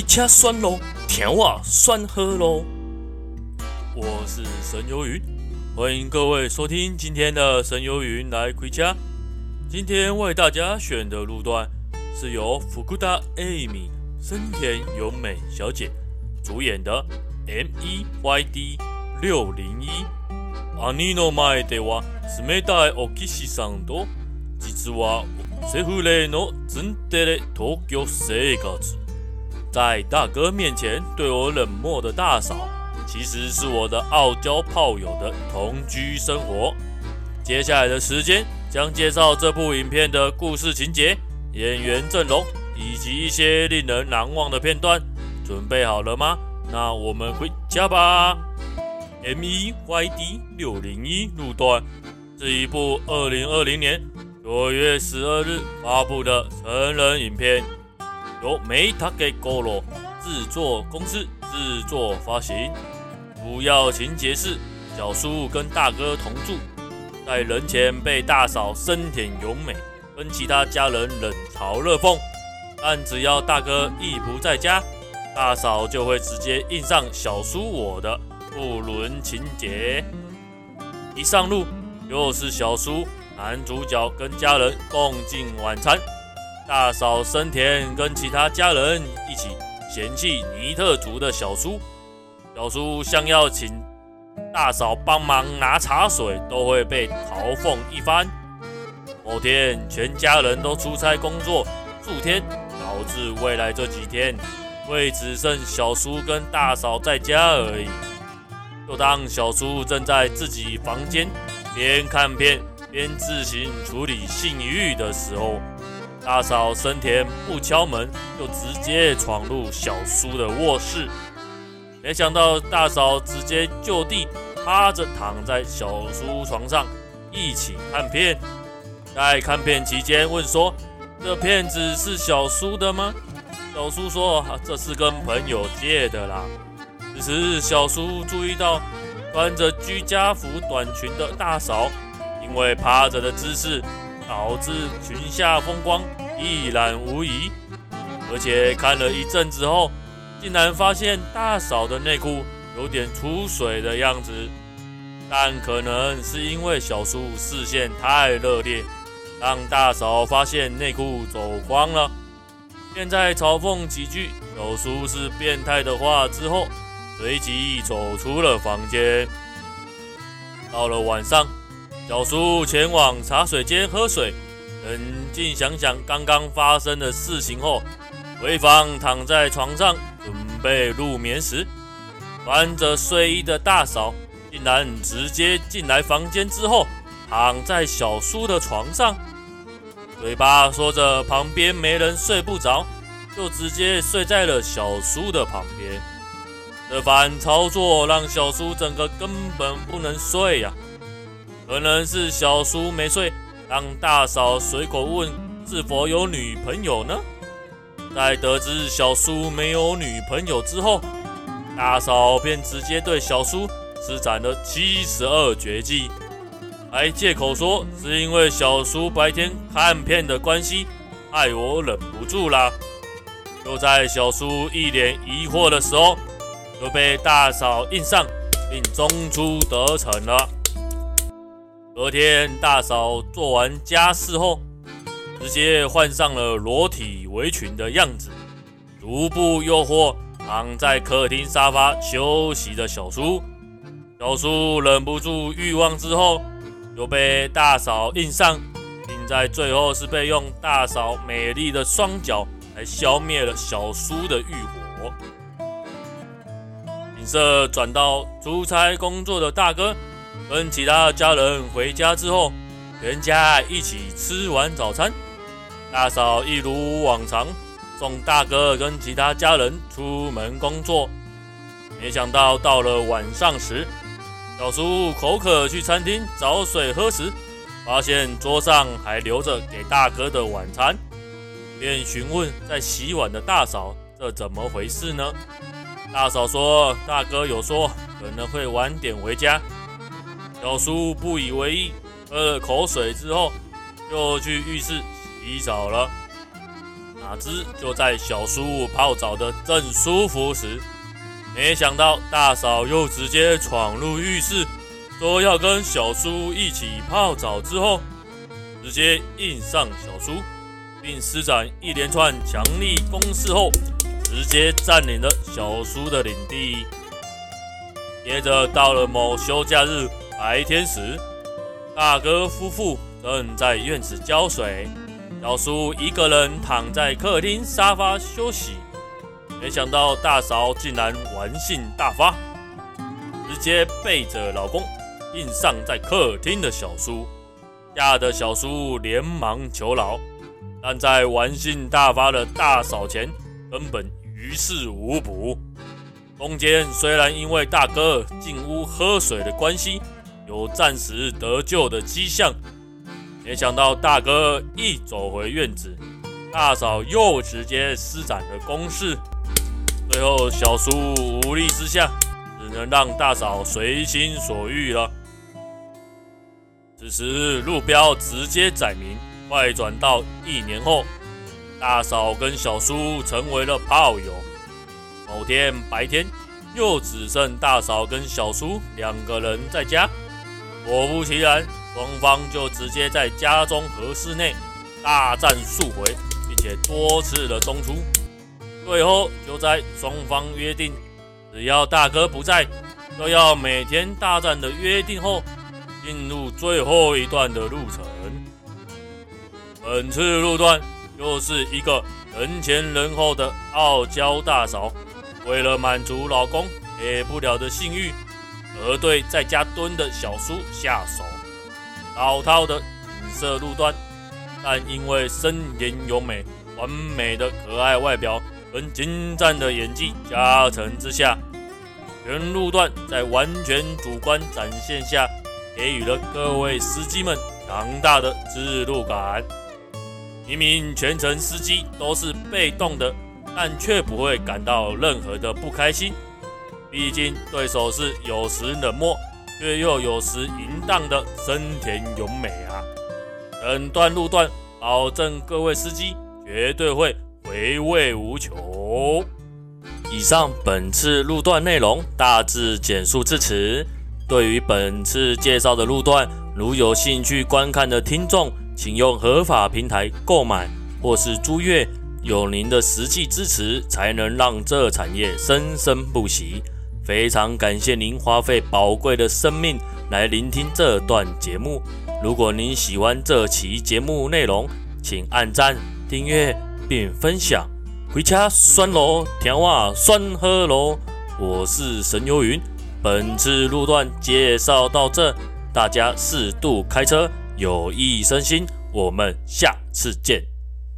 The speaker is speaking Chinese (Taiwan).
開車算了，甜話算喝嘍。我是神游雲，歡迎各位收聽今天的神游雲來開車。今天為大家選的路段是由福達艾米深田由美小姐主演的《M E Y D 六零一》是。兄の前では冷たいお義姉さんと実はセフレのツンデレ東京生活。在大哥面前對我冷漠的大嫂，其實是我的傲嬌炮友的同居生活。接下來的時間將介紹這部影片的故事情節、演員陣容以及一些令人難忘的片段。準備好了嗎？那我們回家吧。MEYD 六零一路段是一部二零二零年九月十二日發布的成人影片。由 Meta e g o l o 制作公司制作發行。主要情節是小叔跟大哥同住，在人前被大嫂深田永美，跟其他家人冷嘲熱諷。但只要大哥一不在家，大嫂就會直接硬上小叔我的不倫情節。一上路又是小叔男主角跟家人共進晚餐。大嫂深田跟其他家人一起嫌棄尼特族的小叔，小叔想要請大嫂幫忙拿茶水，都會被嘲諷一番。某天全家人都出差工作數天，導致未來這幾天會只剩小叔跟大嫂在家而已。就當小叔正在自己房間邊看片邊自行處理性慾的時候。大嫂深田不敲門，就直接闖入小叔的臥室。沒想到大嫂直接就地趴着躺在小叔床上，一起看片。在看片期間，問說：“這片子是小叔的嗎？”小叔說：“啊、這是跟朋友借的啦。”此時小叔注意到穿着居家服短裙的大嫂，因為趴着的姿勢。導致裙下風光一覽無遺，而且看了一陣子後，竟然發現大嫂的內褲有點出水的樣子。但可能是因為小叔視線太熱烈，讓大嫂發現內褲走光了，便在嘲諷幾句小叔是變態的話之後，隨即走出了房間。到了晚上。小叔前往茶水間喝水，冷靜想想剛剛發生的事情後，回房躺在床上準備入眠時，穿着睡衣的大嫂竟然直接進來房間之後，躺在小叔的床上，嘴巴說着旁邊沒人睡不着，就直接睡在了小叔的旁邊。這番操作讓小叔整個根本不能睡呀、啊！可能是小叔沒睡，讓大嫂隨口問是否有女朋友呢？在得知小叔沒有女朋友之後，大嫂便直接對小叔施展了七十二絕技，還借口說是因為小叔白天看片的關係，害我忍不住啦。就在小叔一臉疑惑的時候，就被大嫂硬上，並中出得逞了。隔天，大嫂做完家事後，直接換上了裸體圍裙的樣子，逐步誘惑躺在客廳沙發休息的小叔。小叔忍不住慾望之後，又被大嫂硬上，並在最後是被用大嫂美麗的雙腳來消滅了小叔的慾火。影色轉到出差工作的大哥。跟其他家人回家之後，全家一起吃完早餐。大嫂一如往常送大哥跟其他家人出門工作。沒想到到了晚上時，小叔口渴去餐廳找水喝時，發現桌上還留着給大哥的晚餐，便詢問在洗碗的大嫂：“這怎麼回事呢？”大嫂說：“大哥有說可能會晚點回家。”小叔不以為意，喝了口水之後，就去浴室洗澡了。哪知，就在小叔泡澡的正舒服時，沒想到大嫂又直接闖入浴室，說要跟小叔一起泡澡，之後直接硬上小叔，並施展一連串強力攻勢後，直接佔領了小叔的領地。接着到了某休假日。白天時，大哥夫婦正在院子澆水，小叔一個人躺在客廳沙發休息。沒想到大嫂竟然玩性大發，直接背着老公硬上在客廳的小叔，嚇得小叔連忙求饒，但在玩性大發的大嫂前根本於事無補。中間雖然因為大哥進屋喝水的關係。有暫時得救的跡象，沒想到大哥一走回院子，大嫂又直接施展了攻勢。最後小叔無力之下，只能讓大嫂隨心所欲了。此時路標直接載明：快轉到一年後，大嫂跟小叔成為了炮友。某天白天，又只剩大嫂跟小叔兩個人在家。果不其然，雙方就直接在家中和室內大戰數回，並且多次的中出。最後就在雙方約定，只要大哥不在，就要每天大戰的約定後，進入最後一段的路程。本次路段又是一個人前人後的傲嬌大嫂，為了滿足老公給不了的性欲。而對在家蹲的小叔下手，老套的顏色路段，但因為聲線優美、完美的可愛外表跟精湛的演技加成之下，全路段在完全主觀展現下，給予了各位司機們強大的置入感。明明全程司機都是被動的，但卻不會感到任何的不開心。畢竟對手是有時冷漠卻又有時淫蕩的深田永美啊！整段路段保證各位司機絕對會回味無窮。以上本次路段內容大致簡述至此。對於本次介紹的路段，如有興趣觀看的聽眾，請用合法平台購買或是租閱。有您的實際支持，才能讓這產業生生不息。非常感謝您花費寶貴的生命來聆聽這段節目。如果您喜歡這期節目內容，請按讚、訂閱並分享。回家酸咯，調話酸喝咯。我是神游雲，本次路段介紹到這，大家適度開車，有益身心。我們下次見。